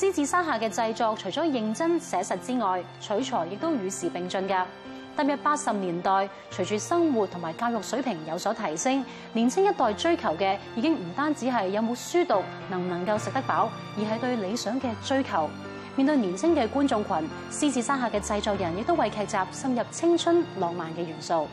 獅子山下嘅製作除咗認真寫實之外，取材亦都與時並進嘅。踏入八十年代，隨住生活同埋教育水平有所提升，年輕一代追求嘅已經唔單止係有冇書讀，能唔能夠食得飽，而係對理想嘅追求。面對年輕嘅觀眾群，獅子山下嘅製作人亦都為劇集滲入青春浪漫嘅元素。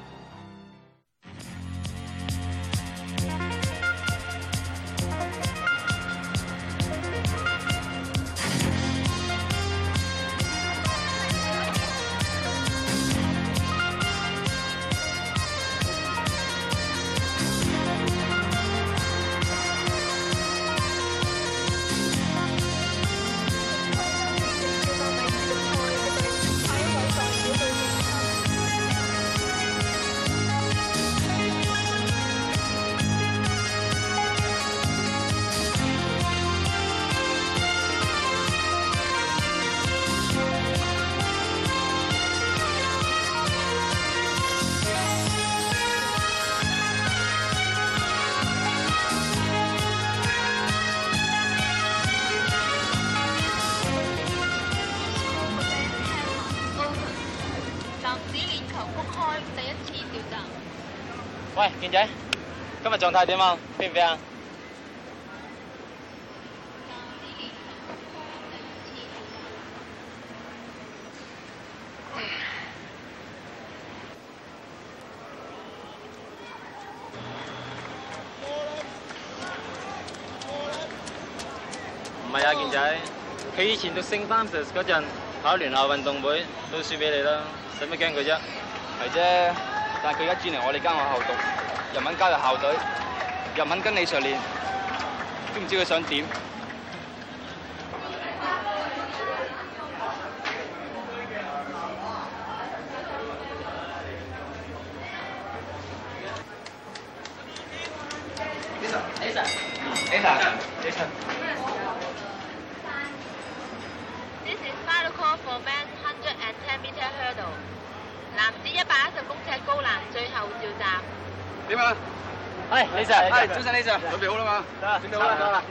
喂，健仔，今日狀態點啊？變唔變啊？唔係啊，健仔，佢以前讀聖詹姆斯嗰陣，喺聯校運動會都輸俾你啦，使乜驚佢啫？係啫。但係佢而家轉嚟我哋間學校讀，又肯加入校隊，又肯跟你上練，知唔知佢想點？呢層呢層呢層呢層。點啊？係李 Sir，係早晨，李 Sir，準備好啦嘛，行準備好啦。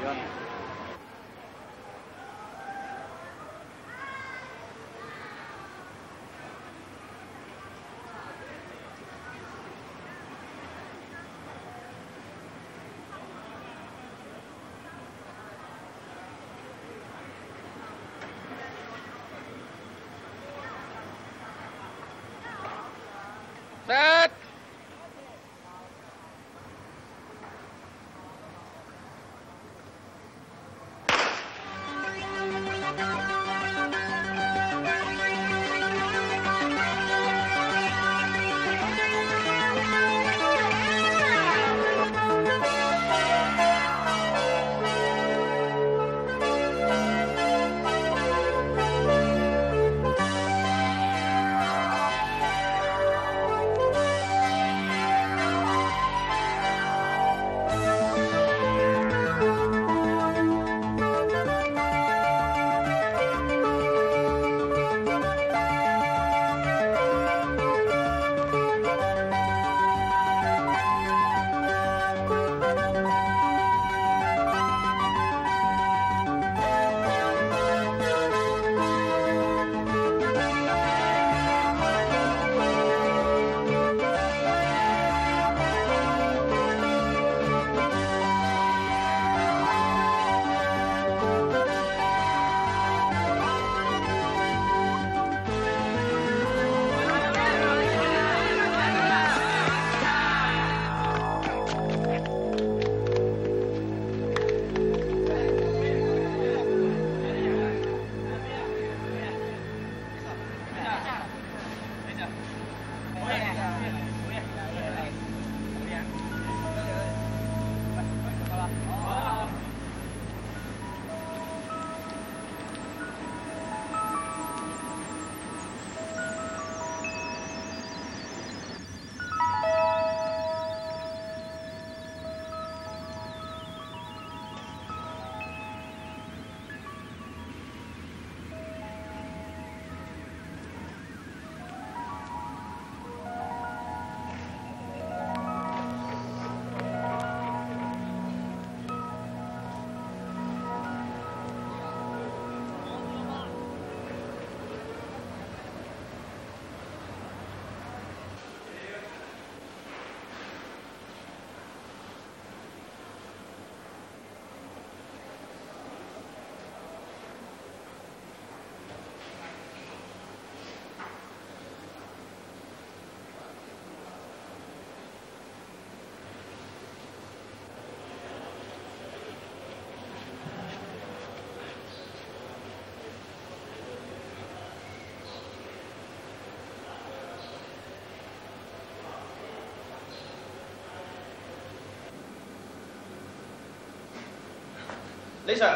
李 Sir，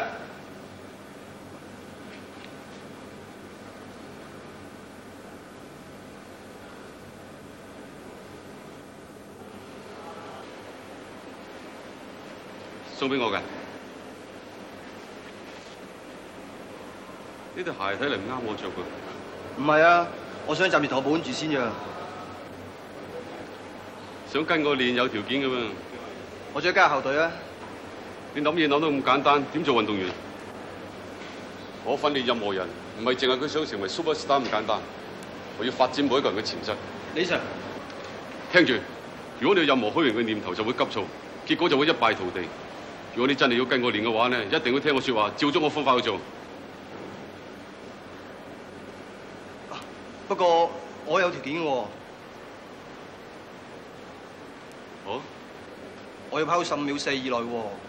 送俾我嘅？呢對鞋睇嚟唔啱我着㗎。唔係啊，我想暫時同我保住先啫。想跟我練，有條件嘅嘛？我想加入校隊啊。你諗嘢諗到咁簡單，點做運動員？我訓練任何人，唔係淨係佢想成為 superstar 咁簡單，我要發展每一個人嘅潛質。李 Sir，聽住，如果你有任何虛榮嘅念頭，就會急躁，結果就會一敗塗地。如果你真係要跟我練嘅話呢，一定會聽我說話，照足我方法去做。不過我有條件嘅。啊，啊、我要跑十五秒四以內。啊。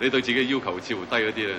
你對自己要求似乎低咗啲啦。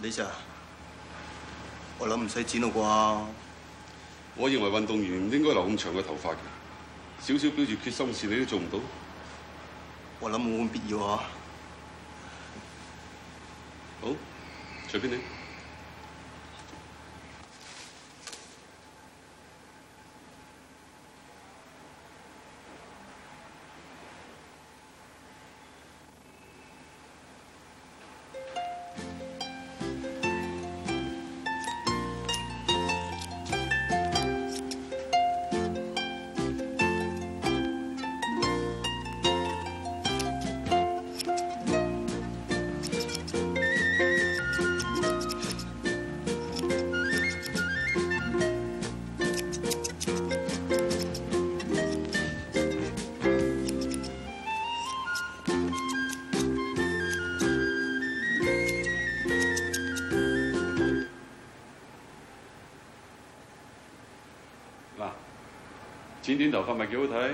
S 李 Sir，想不用 s i 我諗唔使剪啦啩。我認為運動員唔應該留咁長嘅頭髮嘅，少少表示決心事你都做唔到。我諗冇咁必要啊。好，隨便你。剪短頭髮咪幾好睇？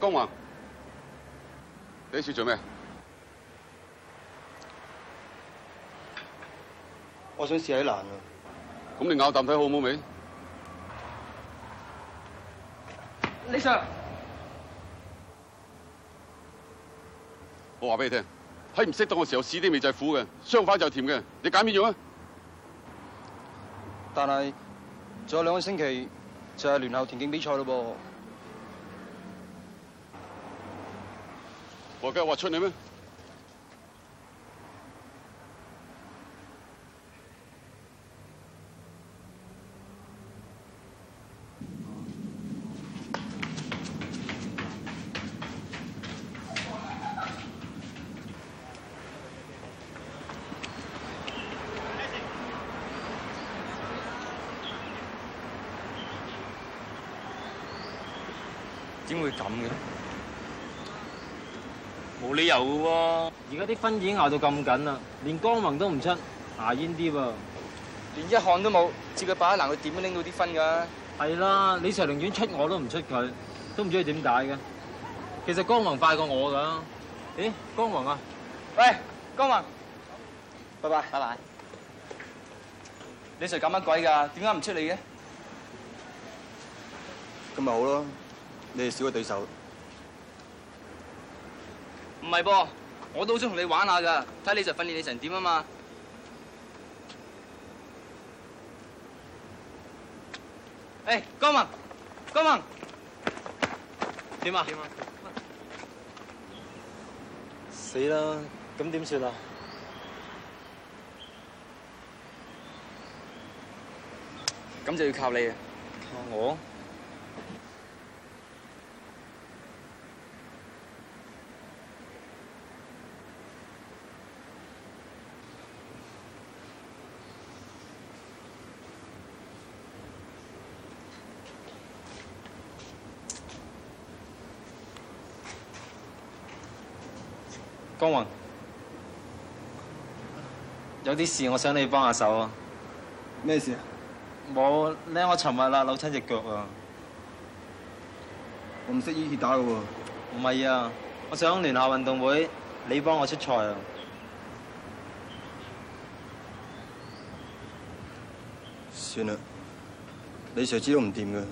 江華，你呢次做咩？我想試下難啊！咁你咬啖睇好唔好味？李 Sir，我話俾你聽，喺唔識得嘅時候試啲味就苦嘅，相反就甜嘅。你揀邊種啊？但係仲有兩個星期就係聯校田徑比賽咯噃。我雞話出嚟咩？點會咁嘅？冇理由嘅喎，而家啲分已經熬到咁緊啦，連江宏都唔出，牙煙啲噃，連一項都冇，接佢把壩難，佢點樣拎到啲分㗎？係啦，李 Sir 寧願出我都唔出佢，都唔知佢點解嘅。其實江宏快過我噶，咦？江宏啊，喂，江宏，拜拜拜拜。李 Sir 搞乜鬼㗎？點解唔出你嘅？咁咪好咯，你哋少個對手。唔係噃，我都好想同你玩下㗎，睇你就訓練你成點啊嘛！哎，江文，江文，點啊？點啊？死啦！咁點算啊？咁就要靠你啊！靠我。江雲，有啲事我想你幫下手啊！咩事啊？我咧，我尋日啦，扭親隻腳啊！我唔識醫跌打嘅喎。唔係啊，我想聯下運動會，你幫我出賽啊！算啦，你誰知都唔掂嘅。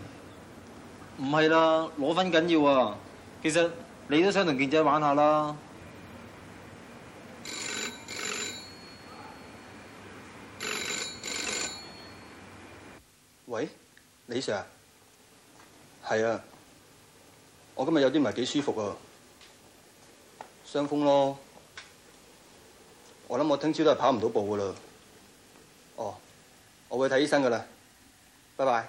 唔係啦，攞分緊要啊！其實你都想同健仔玩下啦。李 Sir，係啊，我今日有啲唔係幾舒服啊，傷風咯，我諗我聽朝都係跑唔到步噶啦。哦，我會睇醫生噶啦，拜拜。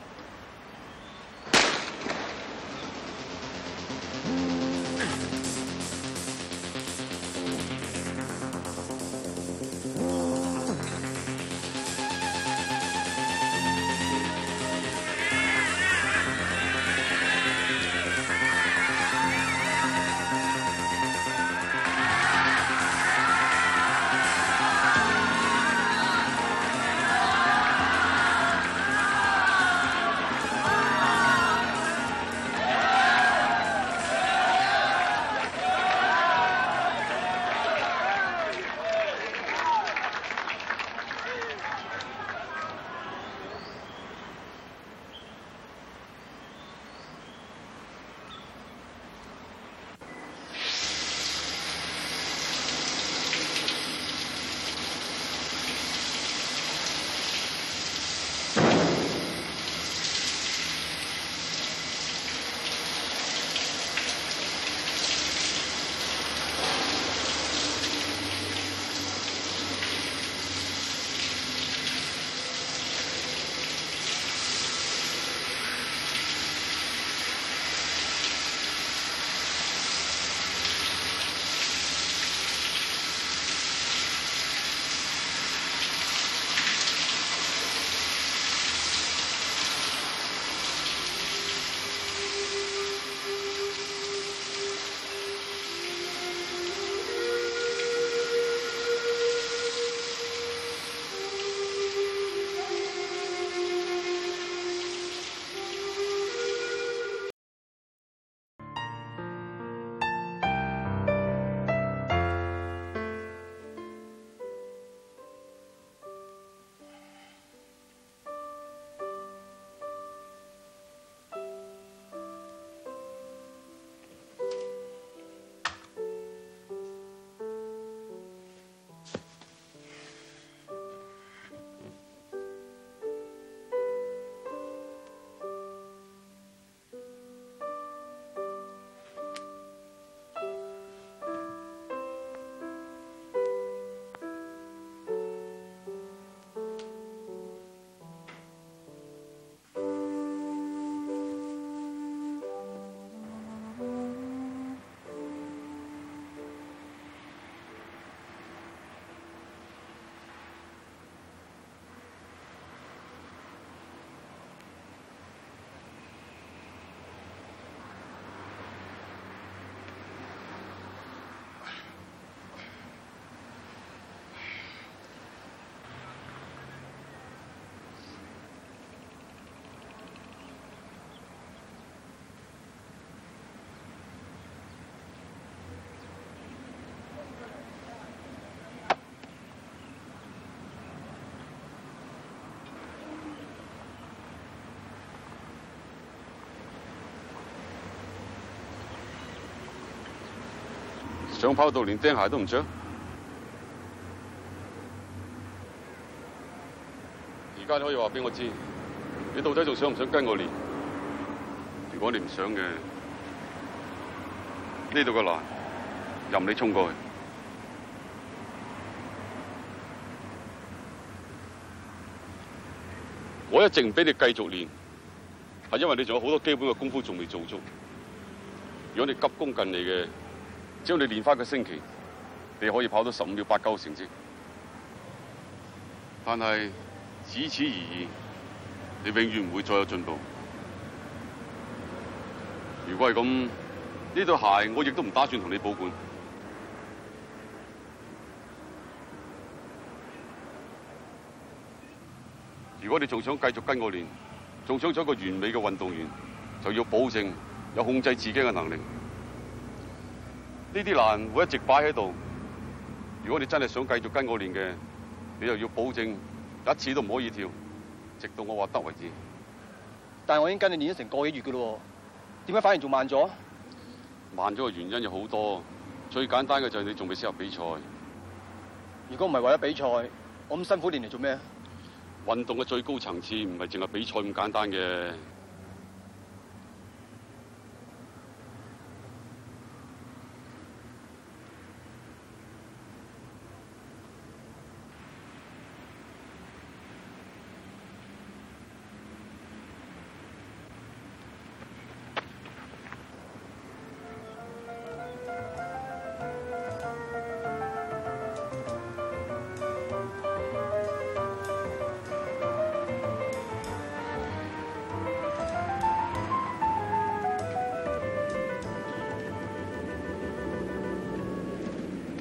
想跑到連釘鞋都唔着？而家你可以話俾我知，你到底仲想唔想跟我練？如果你唔想嘅，呢度嘅欄，任你衝過去。我一直唔俾你繼續練，係因為你仲有好多基本嘅功夫仲未做足。如果你急功近利嘅，只要你練翻個星期，你可以跑到十五秒八九成績。但係只此，此而已，你永遠唔會再有進步。如果係咁，呢對鞋我亦都唔打算同你保管。如果你仲想繼續跟我練，仲想做一個完美嘅運動員，就要保證有控制自己嘅能力。呢啲欄會一直擺喺度。如果你真係想繼續跟我練嘅，你又要保證一次都唔可以跳，直到我話得為止。但係我已經跟你練咗成個幾月嘅咯，點解反而仲慢咗？慢咗嘅原因有好多，最簡單嘅就係你仲未適合比賽。如果唔係為咗比賽，我咁辛苦練嚟做咩？運動嘅最高層次唔係淨係比賽咁簡單嘅。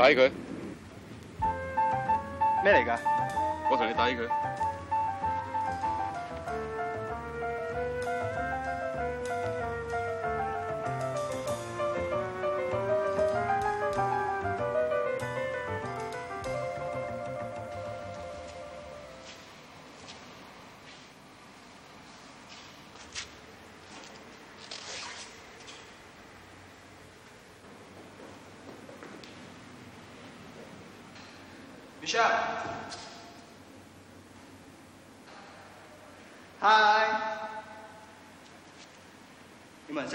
打佢，咩嚟噶？我同你打佢。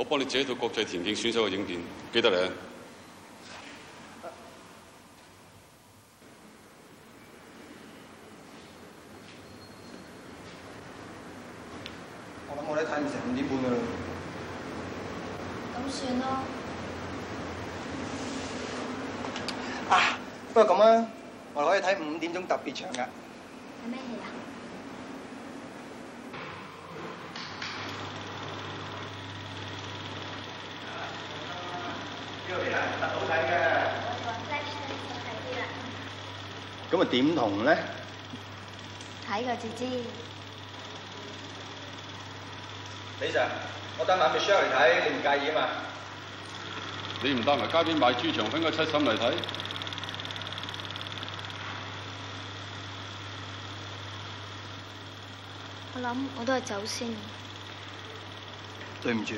我幫你剪一套國際田徑選手嘅影片，記得嚟啊！我諗我睇唔成五點半噶啦，咁算咯。啊，不過咁啊，我可以睇五點鐘特別場噶。睇咩戲啊？咁啊，點同呢？睇個字知。姐姐，李 Sir，我等埋阿 Michelle 嚟睇，你唔介意啊嘛？你唔得咪加啲賣豬腸粉嘅七嬸嚟睇。我諗我都係走先。對唔住。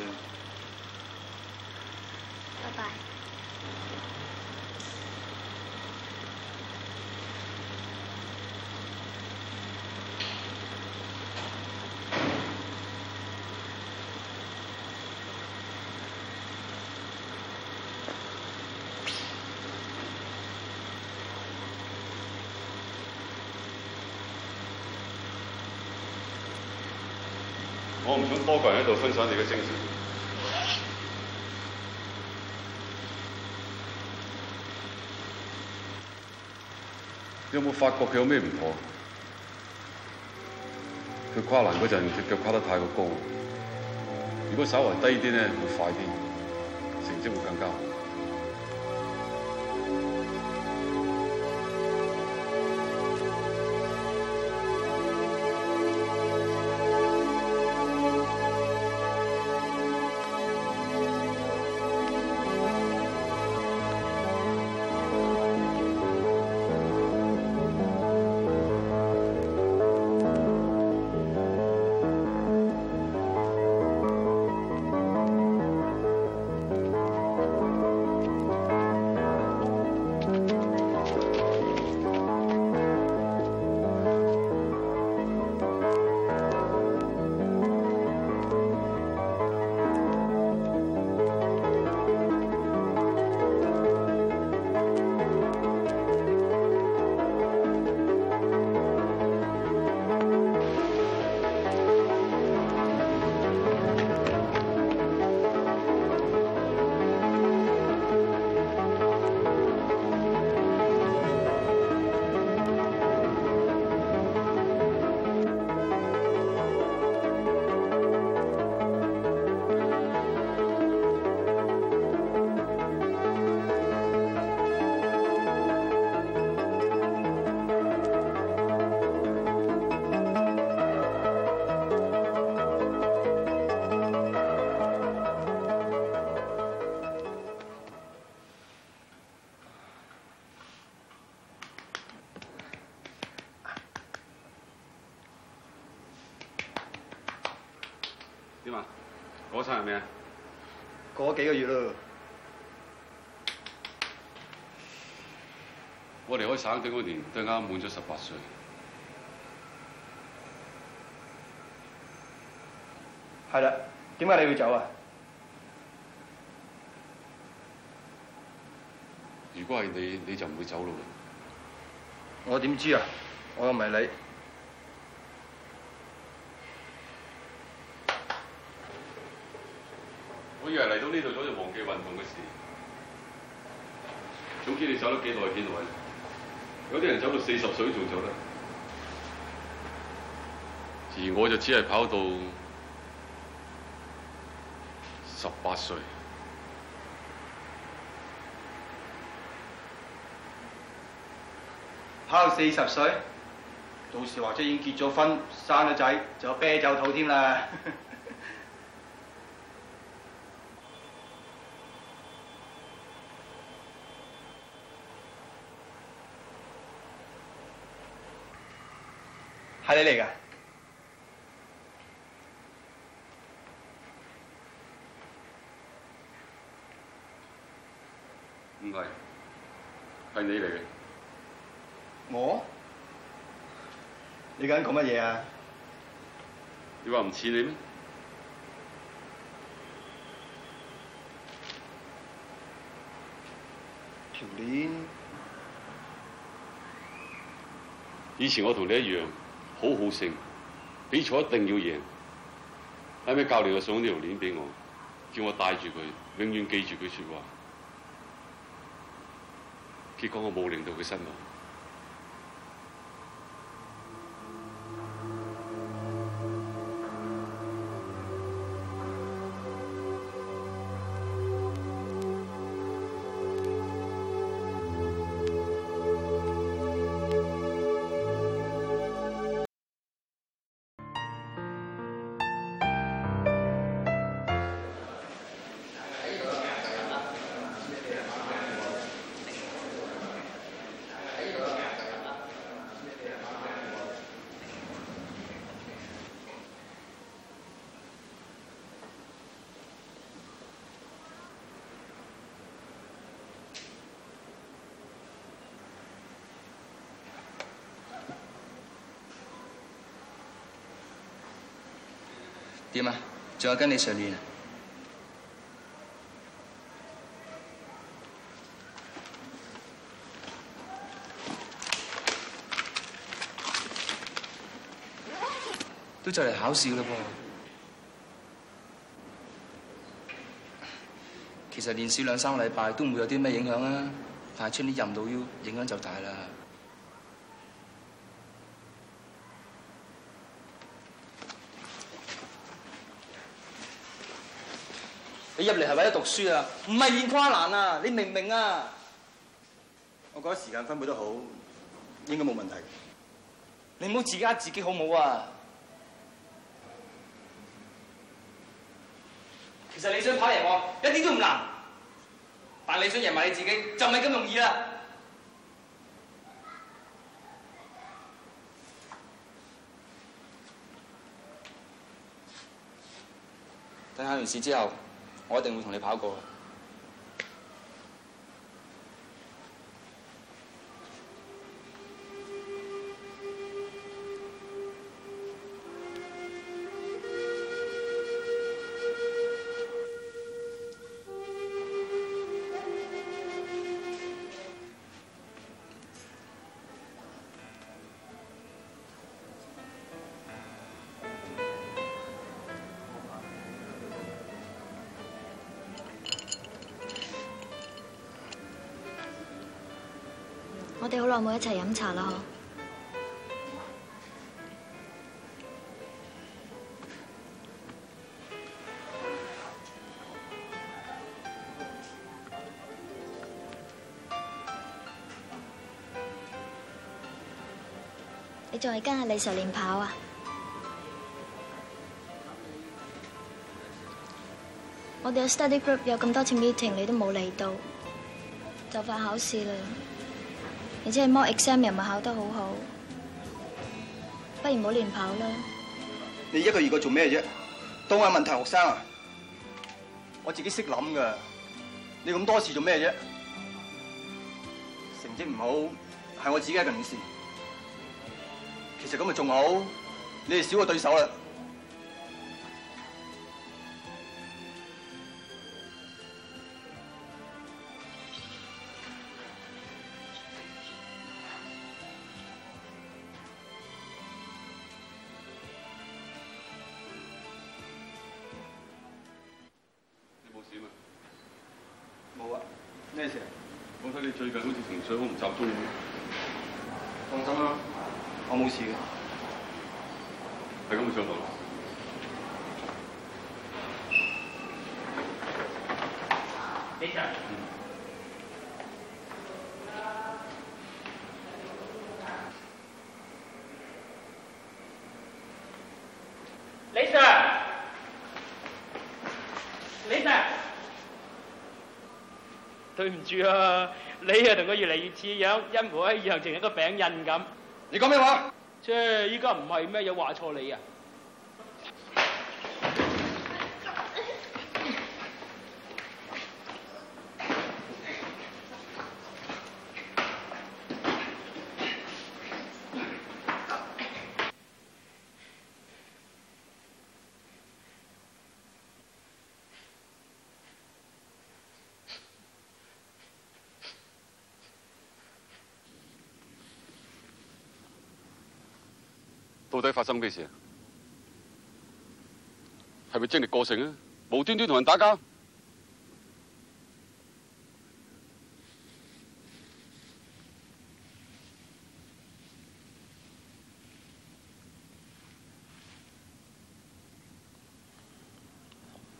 拜拜。呢個成績，有冇發覺佢有咩唔妥？佢跨欄嗰陣，佢腳跨得太過高。如果稍微低啲咧，會快啲，成績會更加好。我離開省隊嗰年都啱滿咗十八歲。係啦，點解你要走啊？如果係你，你就唔會走咯。我點知啊？我又唔係你。總之你走咗幾耐幾耐？有啲人走到四十歲仲走得，而我就只係跑到十八歲，跑到四十歲，到時或者已經結咗婚，生咗仔，就有啤酒肚添啦。 係你嚟㗎？唔係，係你嚟嘅。我？你今日講乜嘢啊？你話唔似你咩？條鏈？以前我同你一樣。好好勝，比賽一定要贏。後尾教練就送咗條鏈俾我，叫我帶住佢，永遠記住佢説話。結果我冇令到佢失望。點啊？仲要跟你上練啊？都就嚟考試嘞噃。其實練少兩三個禮拜都唔會有啲咩影響啊，但係穿啲韌度腰影響就大啦。你入嚟係為咗讀書啊，唔係亂跨欄啊！你明唔明啊？我覺得時間分配得好，應該冇問題。你唔好自己呃自己好唔好啊？其實你想跑贏我，一啲都唔難，但你想贏埋你自己，就唔係咁容易啦。等下完試之後。我一定會同你跑過去。你好耐冇一齊飲茶啦，嗬！ 你仲係跟阿李 Sir 練跑啊？ 我哋嘅 study group 有咁多次 meeting，你都冇嚟到，就快考試啦！而且係模 exam 又唔考得好好，不如唔好亂跑啦。你一個二個做咩啫？當我係問題學生啊？我自己識諗噶。你咁多次做咩啫？成績唔好係我自己一件事。其實咁咪仲好，你哋少個對手啦。對唔住啊，你啊同佢越嚟越似樣，因我喺以後成個餅印咁。你講咩話？即係依家唔係咩嘢話錯你啊？到底發生咩事啊？係咪精力過剩啊？無端端同人打交？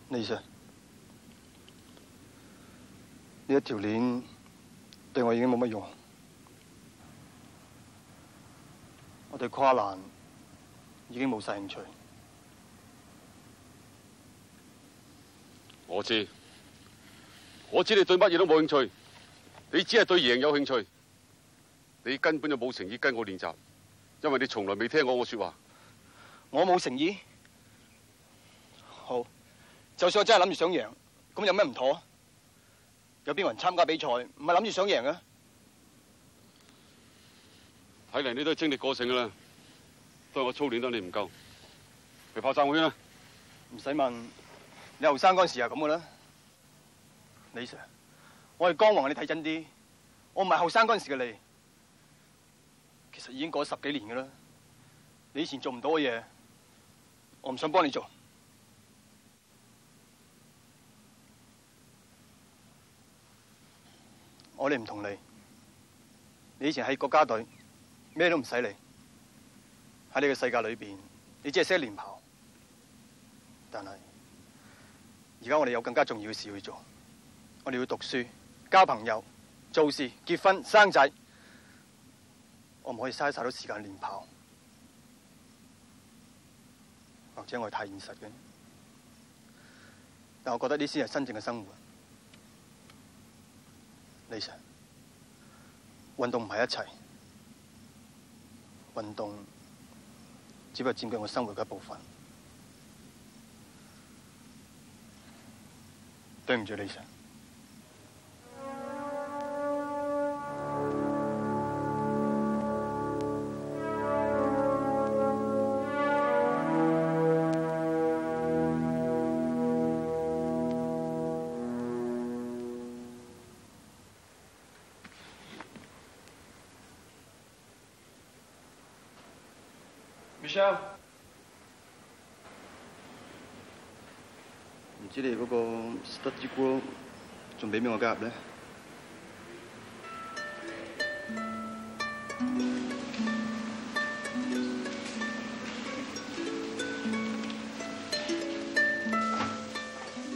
咩意思啊？呢一條鏈對我已經冇乜用，我哋跨欄。已經冇晒興趣。我知，我知你對乜嘢都冇興趣，你只係對贏有興趣，你根本就冇誠意跟我練習，因為你從來未聽過我說話。我冇誠意。好，就算我真係諗住想贏，咁有咩唔妥？有邊人參加比賽唔係諗住想贏嘅？睇嚟你都係精力過剩㗎啦。都係我操練得你唔夠，你跑三個圈啦。唔使問，你後生嗰陣時係咁噶啦。李 Sir，我係江王，你睇真啲，我唔係後生嗰陣時嘅你。其實已經過咗十幾年噶啦，你以前做唔到嘅嘢，我唔想幫你做。我哋唔同你，你以前喺國家隊，咩都唔使理。喺呢個世界裏邊，你只係識練跑，但係而家我哋有更加重要嘅事要做，我哋要讀書、交朋友、做事、結婚、生仔，我唔可以嘥晒咗時間練跑，或者我係太現實嘅，但是我覺得呢先係真正嘅生活。李 Sir，運動唔係一切，運動，只不過佔據我生活嘅一部分，對唔住，李 Sir。唔知你嗰個 study group 仲俾唔俾我加入咧？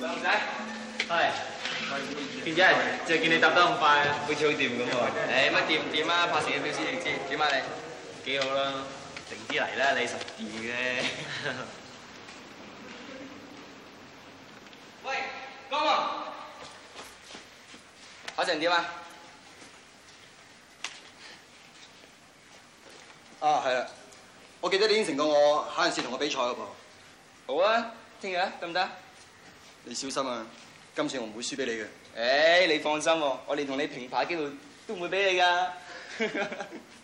靚仔，嚟！健仔，就見你答得咁快啊，非常掂咁喎！誒乜掂唔掂啊？拍攝啲標誌你知，點啊你？幾好啦！嚟啦，你十點嘅？喂，哥，哥，阿成點啊？啊，係啊，我記得你應承過我，下次同我比賽嘅噃。好啊，聽日得唔得？行行你小心啊，今次我唔會輸俾你嘅。誒，你放心，啊，我連同你平牌嘅機會都唔會俾你噶。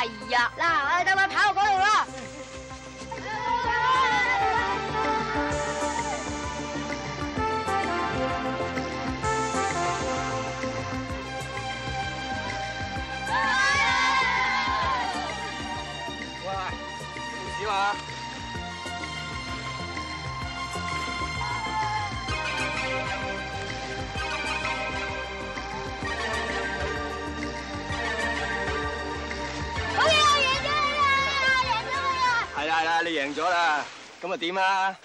哎呀，嗱，我哋。咁又點啊？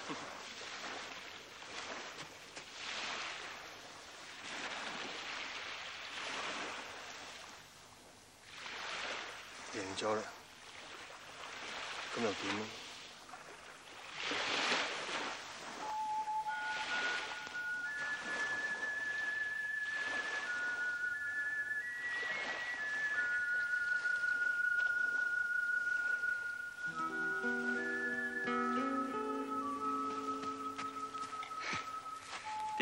贏咗喇，咁又點咧？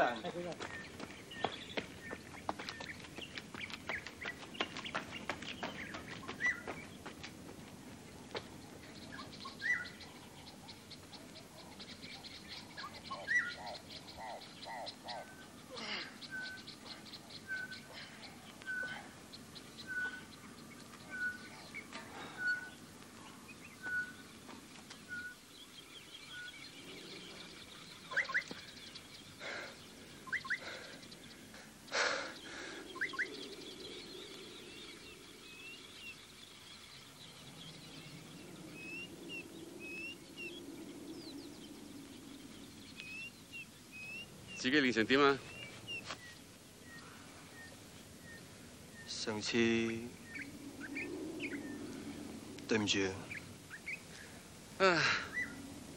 係，係。自己練成點啊？上次對唔住啊！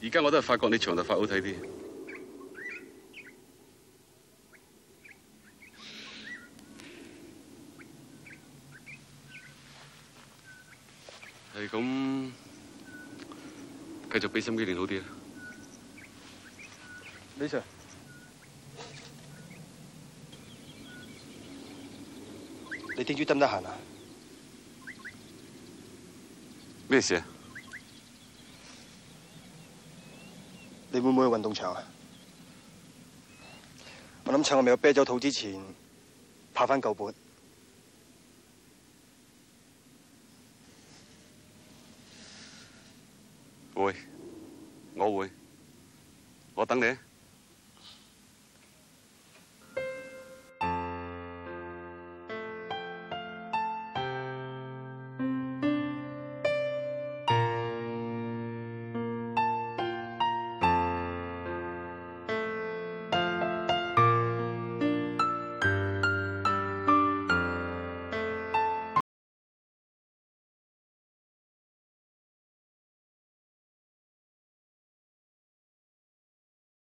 而家我都係發覺你長頭髮好睇啲，係咁繼續俾心機練好啲啊，李 Sir。你聽日得唔得閒呀？咩事？你會唔會去運動場啊？我諗趁我未有啤酒肚之前，拍翻夠本。會，我會，我等你。